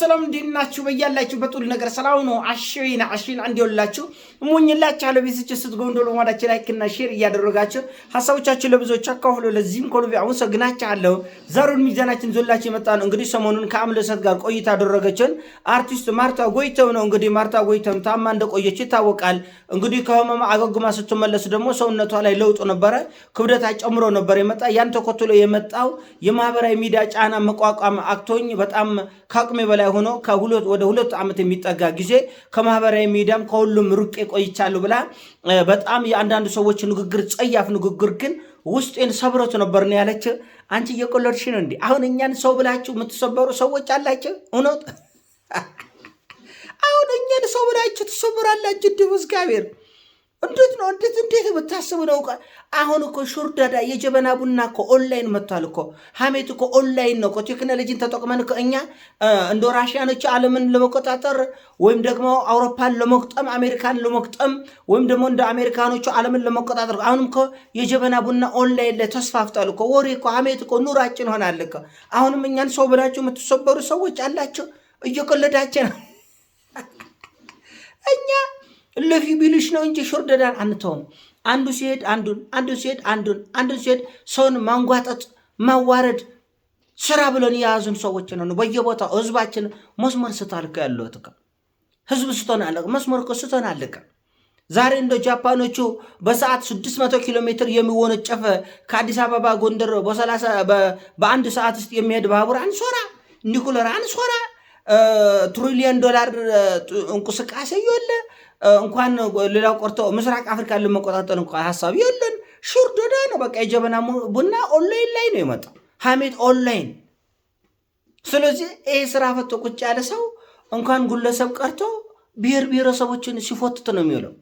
ሰላም እንዴት ናችሁ? በያላችሁ በጡል ነገር ሰላም ነው። አሽይን አሽይን አንድ ይወላችሁ እሞኝላችሁ አለ ቢስች ስትገቡ እንደሆነ ወዳችሁ ላይክ እና ሼር እያደረጋችሁ ሀሳቦቻችሁ ለብዙዎች አካፍሉ። ለዚህም ኮሉ ሰግናችሁ አለው ዛሬውን ሚዛናችን ዞላችሁ የመጣ ነው። እንግዲህ ሰሞኑን ከአምለ ሰት ጋር ቆይታ አደረገችን አርቲስት ማርታ ጎይተው ነው። እንግዲህ ማርታ ጎይተው ታማ እንደቆየች ይታወቃል። እንግዲህ ከህመማ አገግማ ስትመለስ ደግሞ ሰውነቷ ላይ ለውጥ ነበረ፣ ክብደታ ጨምሮ ነበር የመጣ ያን ተከትሎ የመጣው የማህበራዊ ሚዲያ ጫና መቋቋም አቅቶኝ በጣም ከአቅሜ በላይ ላይ ሆኖ ወደ ሁለት ዓመት የሚጠጋ ጊዜ ከማህበራዊ ሚዲያም ከሁሉም ርቄ ቆይቻለሁ ብላ በጣም የአንዳንድ ሰዎች ንግግር ጸያፍ ንግግር ግን ውስጤን ሰብሮት ነበር ነው ያለች። አንቺ እየቆለድሽ ነው እንዲ አሁን እኛን ሰው ብላችሁ የምትሰበሩ ሰዎች አላቸው እውነት አሁን እኛን ሰው ብላችሁ ትሰብራላችሁ። ድብ እግዚአብሔር እንዴት ነው እንዴት እንዴት የምታስቡ ነው? አሁን እኮ ሹርዳዳ የጀበና ቡና እኮ ኦንላይን መጥቷል እኮ ሀሜት እኮ ኦንላይን ነው እኮ ቴክኖሎጂን ተጠቅመን እኮ እኛ እንደ ራሽያኖች ዓለምን ለመቆጣጠር ወይም ደግሞ አውሮፓን ለመቅጠም አሜሪካን ለመቅጠም ወይም ደግሞ እንደ አሜሪካኖቹ ዓለምን ለመቆጣጠር አሁንም እኮ የጀበና ቡና ኦንላይን ላይ ተስፋፍቷል እኮ ወሬ እኮ ሀሜት እኮ ኑራችን ሆናል እኮ። አሁንም እኛን ሰው ብላችሁ የምትሰበሩ ሰዎች አላቸው እየቆለዳችን እኛ እለፊ ቢልሽ ነው እንጂ ሾርደዳን አንተውም። አንዱ ሲሄድ አንዱን አንዱ ሲሄድ አንዱን አንዱ ሲሄድ ሰውን ማንጓጠጥ ማዋረድ ስራ ብለን የያዙን ሰዎች ነው። በየቦታው ህዝባችን መስመር ስታልከ ያለት ህዝብ ስቶን አለ መስመር ስቶን አለቀ። ዛሬ እንደ ጃፓኖቹ በሰዓት 600 ኪሎ ሜትር የሚወነጨፈ ከአዲስ አበባ ጎንደር በአንድ ሰዓት ውስጥ የሚሄድ ባቡር አንሶራ ኒኩለር አንሶራ ትሪሊዮን ዶላር እንቅስቃሴ የለ እንኳን ሌላው ቆርቶ ምስራቅ አፍሪካ ለመቆጣጠር እንኳ ሀሳብ የለን። ሹር ዶዳ ነው በቃ የጀበና ቡና ኦንላይን ላይ ነው የመጣው፣ ሀሜት ኦንላይን። ስለዚህ ይሄ ስራ ፈቶ ቁጭ ያለ ሰው እንኳን ግለሰብ ቀርቶ ብሔር ብሔረሰቦችን ሲፎትት ነው የሚውለው።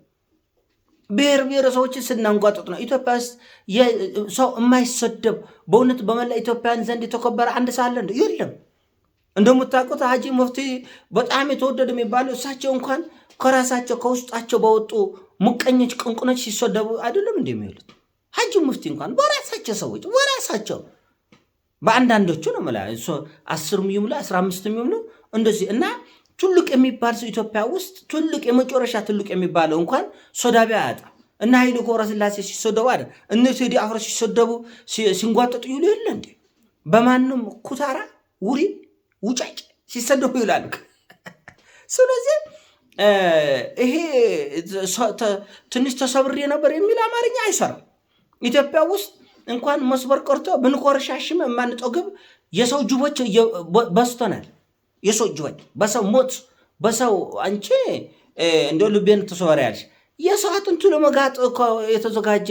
ብሔር ብሔረሰቦችን ስናንጓጡት ነው። ኢትዮጵያ ውስጥ ሰው የማይሰደብ በእውነት በመላ ኢትዮጵያን ዘንድ የተከበረ አንድ ሰው አለ የለም። እንደምታውቁት ሀጂ ሙፍቲ በጣም የተወደዱ የሚባሉ እሳቸው እንኳን ከራሳቸው ከውስጣቸው በወጡ ሙቀኞች፣ ቅንቁኖች ሲሰደቡ አይደለም እንዲ እንደሚሉት ሀጂ ሙፍቲ እንኳን በራሳቸው ሰዎች በራሳቸው በአንዳንዶቹ ነው መላ አስር ይምሉ አስራ አምስትም ይምሉ እንደዚህ እና ትልቅ የሚባል ሰው ኢትዮጵያ ውስጥ ትልቅ የመጨረሻ ትልቅ የሚባለው እንኳን ሶዳቢያ አያጣም። እና ኃይሉ ገብረስላሴ ሲሰደቡ አይደል እነ ቴዲ አፍሮ ሲሰደቡ ሲንጓጠጡ ይሉ የለ እንዴ በማንም ኩታራ ውሪ ውጫጭ ሲሰደቡ ይውላሉ። ስለዚህ ይሄ ትንሽ ተሰብሬ ነበር የሚል አማርኛ አይሰራም። ኢትዮጵያ ውስጥ እንኳን መስበር ቀርቶ ብንኮረሻሽም የማንጠግብ የሰው ጅቦች በስቶናል። የሰው ጅቦች በሰው ሞት በሰው አንቺ እንደ ልቤን ትሰወሪያለሽ። የሰው አጥንቱ ለመጋጥ የተዘጋጀ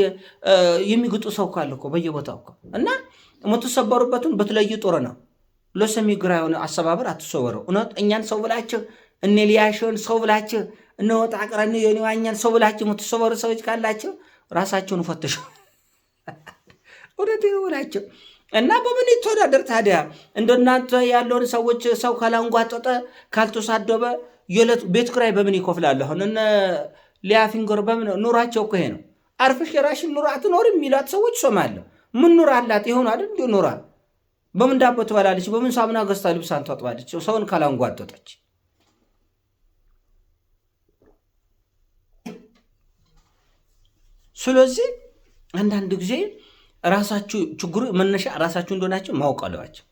የሚግጡ ሰው ካለ እኮ በየቦታው እኮ እና የምትሰበሩበትን ብትለይ ጥሩ ነው። ለሰሚ ግራ የሆነ አሰባበር አትሰወረው። እውነት እኛን ሰው ብላችሁ እነ ሊያሾን ሰው ብላችሁ እነ ወጣ ቅረን የኒዋኛን ሰው ብላችሁ የምትሰወሩ ሰዎች ካላችሁ ራሳችሁን ፈትሹ። እውነት ብላችሁ እና በምን ይተወዳደር ታዲያ? እንደናንተ ያለውን ሰዎች ሰው ካላንጓጠጠ ካልተሳደበ የዕለት ቤት ኪራይ በምን ይከፍላል? አሁን እነ ሊያፊንገር በምን ኑሯቸው እኮ ይሄ ነው። አርፍሽ የራሽን ኑሮ አትኖር የሚሏት ሰዎች ሶማለሁ ምን ኑራ አላት ይሆናል እንዲ ኑሯል በምን ዳቦ ትበላለች? በምን ሳሙና ገዝታ ልብሷን ታጥባለች? ሰውን ካላንጓጠጠች ስለዚህ አንዳንድ ጊዜ ራሳችሁ ችግሩ መነሻ ራሳችሁ እንደሆናችሁ ማወቅ አለባቸው።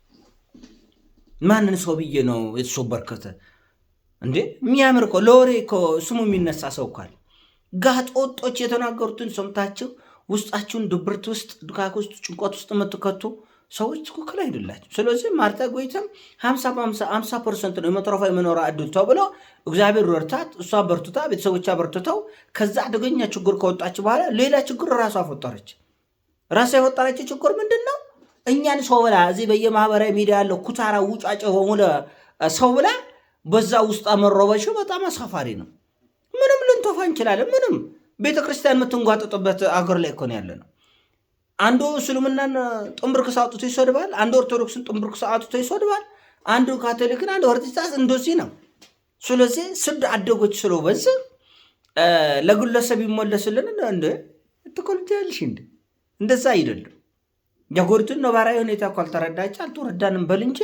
ማንን ሰው ብዬ ነው የተሶበርከተ እንዴ? የሚያምር እኮ ለወሬ እኮ ስሙ የሚነሳ ሰው እኳል ጋጥ ወጦች የተናገሩትን ሰምታችሁ ውስጣችሁን ድብርት ውስጥ፣ ድካክ ውስጥ፣ ጭንቆት ውስጥ የምትከቱ ሰዎች ትክክል አይደላቸው። ስለዚህ ማርታ ጎይተም ሀምሳ ፐርሰንት ነው የመትረፋ የመኖራ እድል ተብሎ እግዚአብሔር ረድታት፣ እሷ በርቱታ፣ ቤተሰቦቿ በርቱተው ከዛ አደገኛ ችግር ከወጣች በኋላ ሌላ ችግር ራሷ ፈጠረች። ራሷ የፈጠረችው ችግር ምንድን ነው? እኛን ሰው ብላ እዚህ በየማህበራዊ ሚዲያ ያለው ኩታራ ውጫጭ በሙሉ ሰው ብላ በዛ ውስጥ አመረበችው። በጣም አሳፋሪ ነው። ምንም ልንቶፋ እንችላለን። ምንም ቤተክርስቲያን የምትንጓጠጥበት አገር ላይ እኮ ነው ያለ ነው። አንዱ እስልምናን ጥንብርክስ አውጥቶ ይሰድባል። አንዱ ኦርቶዶክስን ጥንብርክስ አውጥቶ ይሰድባል። አንዱ ካቶሊክን፣ አንዱ ኦርቶዶክስ እንደዚህ ነው። ስለዚህ ስድ አደጎች ስለበዝ ለግለሰብ ይመለስልን እንደ ትኮልጃልሽ እንደ እንደዛ አይደለም። የሀገሪቱን ነባራዊ ሁኔታ ካልተረዳች አልተረዳንም በል እንጂ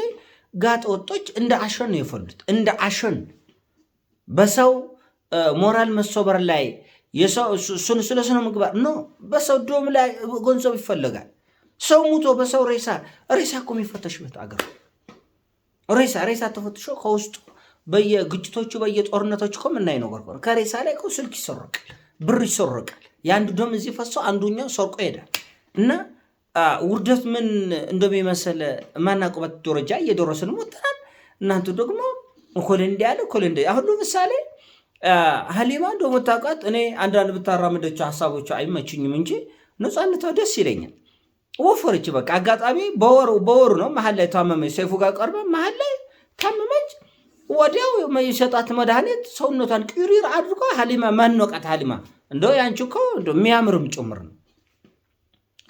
ጋጥ ወጦች እንደ አሸን ነው የፈሉት። እንደ አሸን በሰው ሞራል መሰበር ላይ ስለ ስነ ምግባር ኖ በሰው ዶም ላይ ገንዘብ ይፈለጋል። ሰው ሙቶ በሰው ሬሳ ሬሳ እኮ የሚፈተሽበት አገር ሬሳ ሬሳ ተፈትሾ ከውስጡ በየግጭቶቹ በየጦርነቶች እኮ የምናይ ነገር ሆነ። ከሬሳ ላይ እኮ ስልክ ይሰረቃል፣ ብር ይሰረቃል። የአንድ ዶም እዚህ ፈሶ አንዱኛው ሰርቆ ይሄዳል። እና ውርደት ምን እንደሚመስል ማናቁበት ደረጃ እየደረስን ሞተናል። እናንተ ደግሞ እኮ እንዲ ያለ እኮ እንዲህ አሁን ምሳሌ ሀሊማ እንደምታውቃት እኔ አንዳንድ ብታራምደችው ሀሳቦች አይመችኝም እንጂ ነፃነቷ ደስ ይለኛል። ወፈረች። በቃ አጋጣሚ በወሩ ነው መሀል ላይ ታመመች። ሰይፉ ጋር ቀርበ መሀል ላይ ታመመች። ወዲያው የሰጣት መድኃኒት ሰውነቷን ቅሪር አድርጎ ሀሊማ ማንወቃት። ሀሊማ እንደ ያንቺ እኮ የሚያምርም ጭምር ነው።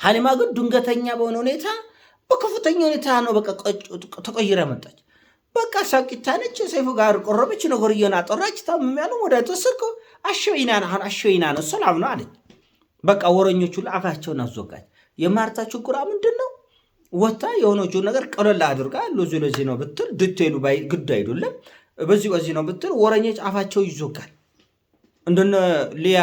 ሀሊማ ግን ድንገተኛ በሆነ ሁኔታ በከፍተኛ ሁኔታ ነው በቃ ተቀይራ መጣች። በቃ እሷ ነች። ሰይፉ ጋር ቆረበች፣ ነገርየውን አጠራች። ታምም ያለው ወደ ተወሰድከ አሸወይና ነው አሸወይና ነው ሰላም ነው አለች። በቃ ወረኞቹ ለአፋቸውን አዞጋች። የማርታ ችግሯ ምንድን ነው? ወታ የሆነችውን ነገር ቀለል አድርጋ ለዚ ለዚህ ነው ብትል ድትሉ ግድ አይደለም። በዚህ በዚህ ነው ብትል ወረኞች አፋቸው ይዞጋል። እንደነ ሊያ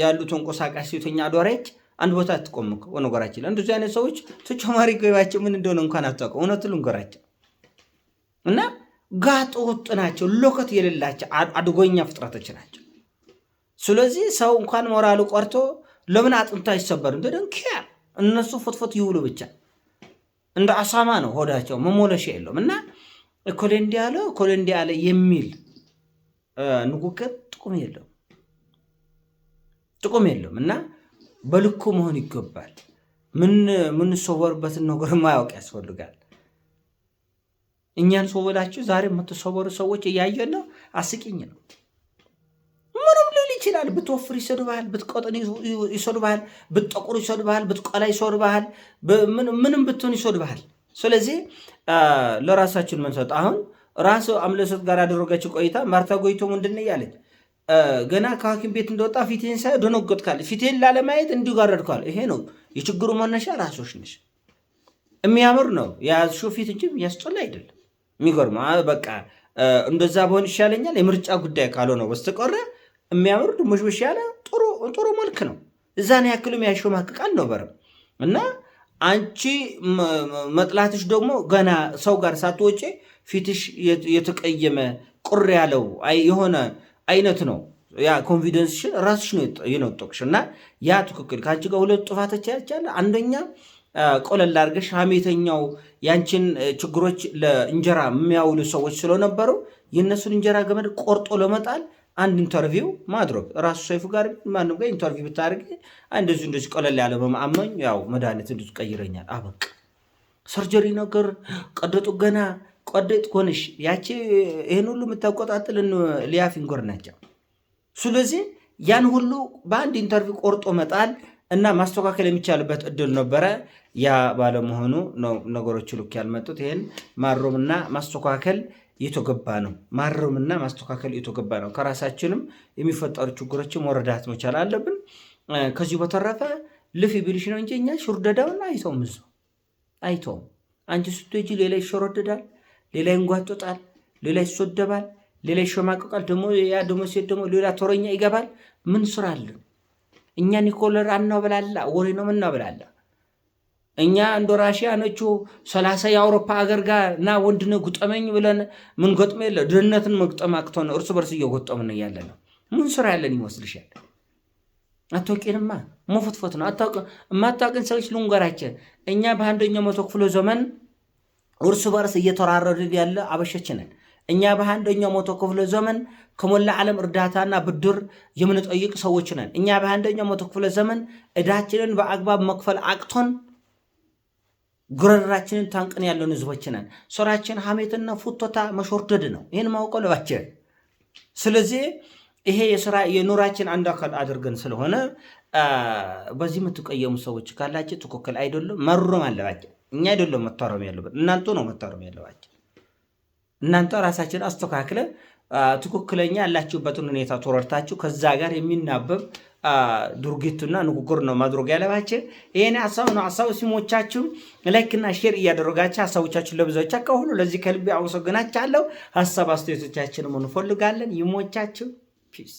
ያሉ ተንቆሳቃሽ ሴተኛ አዳሪዎች አንድ ቦታ አትቆምም። ወነገራችን ላይ እንደዚህ አይነት ሰዎች ተጨማሪ ገቢያቸው ምን እንደሆነ እንኳን አታውቅም። እውነት ልንገራቸው እና ጋጥ ወጥ ናቸው፣ ሎከት የሌላቸው አድጎኛ ፍጥረቶች ናቸው። ስለዚህ ሰው እንኳን ሞራሉ ቆርቶ ለምን አጥንቱ አይሰበርም? ደንኪያር እነሱ ፎትፎት ይውሉ ብቻ እንደ አሳማ ነው ሆዳቸው፣ መሞለሻ የለውም። እና እኮሌ እንዲህ አለ እኮሌ እንዲህ አለ የሚል ንግግር ጥቁም የለውም፣ ጥቁም የለውም። እና በልኩ መሆን ይገባል። ምን ምንሰወርበትን ነገር ማያውቅ ያስፈልጋል። እኛን ሶበላችሁ ዛሬ የምትሰበሩ ሰዎች እያየን ነው። አስቂኝ ነው። ምንም ልል ይችላል። ብትወፍር ይሰድባሃል፣ ብትቆጥን ይሰድባሃል፣ ብትጠቁር ይሰድባሃል፣ ብትቆላ ይሰድባሃል፣ ምንም ብትሆን ይሰድባሃል። ስለዚህ ለራሳችን መንሰጥ አሁን ራስ አምለሰት ጋር ያደረገችው ቆይታ ማርታ ጎይቶ ምንድን እያለች ገና ከሐኪም ቤት እንደወጣ ፊቴን ሳይ ደነገጥካል። ፊቴን ላለማየት እንዲሁ እንዲጋረድኳል። ይሄ ነው የችግሩ መነሻ። ራሶች ነሽ። የሚያምር ነው የያዝሽው ፊት እንጂ የሚያስጠላ አይደለም። የሚገርመው በቃ እንደዛ በሆን ይሻለኛል። የምርጫ ጉዳይ ካልሆነ በስተቀረ የሚያምር ድሙሽሙሽ ያለ ጥሩ መልክ ነው። እዛን ያክሉም ያሸማቅቅ አልነበረም እና አንቺ መጥላትሽ ደግሞ ገና ሰው ጋር ሳትወጪ ፊትሽ የተቀየመ ቁር ያለው የሆነ አይነት ነው። ያ ኮንፊደንስሽን ራስሽ ነው የነጠቅሽ እና ያ ትክክል ከአንቺ ጋር ሁለት ጥፋቶች ያቻለ አንደኛ ቆለል አድርገሽ ሀሜተኛው ያንቺን ችግሮች ለእንጀራ የሚያውሉ ሰዎች ስለነበሩ የእነሱን እንጀራ ገመድ ቆርጦ ለመጣል አንድ ኢንተርቪው ማድረግ ራሱ ሰይፉ ጋር ማንም ጋር ኢንተርቪው ብታደርግ እንደዚ እንደዚህ ቀለል ያለ በማመኝ ያው መድኃኒት እንደዚ ቀይረኛል። አበቅ ሰርጀሪ ነገር ቀዶ ጥገና ቀደጥ ኮንሽ ያቺ ይህን ሁሉ የምታቆጣጥል ሊያ ፊንጎር ናቸው። ስለዚህ ያን ሁሉ በአንድ ኢንተርቪው ቆርጦ መጣል እና ማስተካከል የሚቻልበት እድል ነበረ። ያ ባለመሆኑ ነው ነገሮች ልክ ያልመጡት። ይህን ማረምና ማስተካከል የተገባ ነው። ማረምና ማስተካከል የተገባ ነው። ከራሳችንም የሚፈጠሩ ችግሮችን መረዳት መቻል አለብን። ከዚሁ በተረፈ ልፍ ቢልሽ ነው እንጂ እኛ አይተውም፣ እዙ አይተውም። አንቺ ስትሄጂ ሌላ ይሸረደዳል፣ ሌላ ይንጓጦጣል፣ ሌላ ይሶደባል፣ ሌላ ይሸማቀቃል። ደግሞ ያ ደግሞ ሴት ደግሞ ሌላ ተረኛ ይገባል። ምን ስራ አለን? እኛ ኒኮለር አናበላላ ወሬ ነው ምናበላላ እኛ እንደ ራሽያ ነቹ ሰላሳ የአውሮፓ ሀገር ጋር ና ወንድነ ጉጠመኝ ብለን ምን ገጥሞ የለ ድህነትን መግጠም አቅቶን እርስ በርስ እየጎጠምን ያለ ነው። ምን ስራ ያለን ይመስልሻል? አታውቂንማ መፎትፎት ነው። የማታውቅን ሰዎች ልንገራችን። እኛ በአንደኛው መቶ ክፍለ ዘመን እርስ በርስ እየተራረድን ያለ አበሸችነን እኛ በአንደኛው መቶ ክፍለ ዘመን ከሞላ ዓለም እርዳታና ብድር የምንጠይቅ ሰዎች ነን። እኛ በአንደኛው መቶ ክፍለ ዘመን እዳችንን በአግባብ መክፈል አቅቶን ጉረራችንን ታንቅን ያለን ህዝቦች ነን። ስራችን ሐሜትና ፉቶታ መሾርደድ ነው። ይህን ማውቀው ለባችን። ስለዚህ ይሄ የስራ የኑራችን አንድ አካል አድርገን ስለሆነ በዚህ የምትቀየሙ ሰዎች ካላቸው ትክክል አይደሉም። መሮም አለባቸው። እኛ አይደለም መታረም ያለበት እናንተ ነው መታረም ያለባቸው። እናንተ ራሳችን አስተካክለ ትክክለኛ ያላችሁበትን ሁኔታ ተረድታችሁ ከዛ ጋር የሚናበብ ድርጊቱና ንግግር ነው ማድረግ ያለባችሁ። ይህን ሀሳብ ነው። ሀሳብ ሲሞቻችሁ ላይክና ሼር እያደረጋችሁ ሀሳቦቻችሁን ለብዙዎች ከሁሉ ለዚህ ከልቤ አመሰግናችኋለሁ። ሀሳብ አስተያየቶቻችንም እንፈልጋለን። ይሞቻችሁ። ፒስ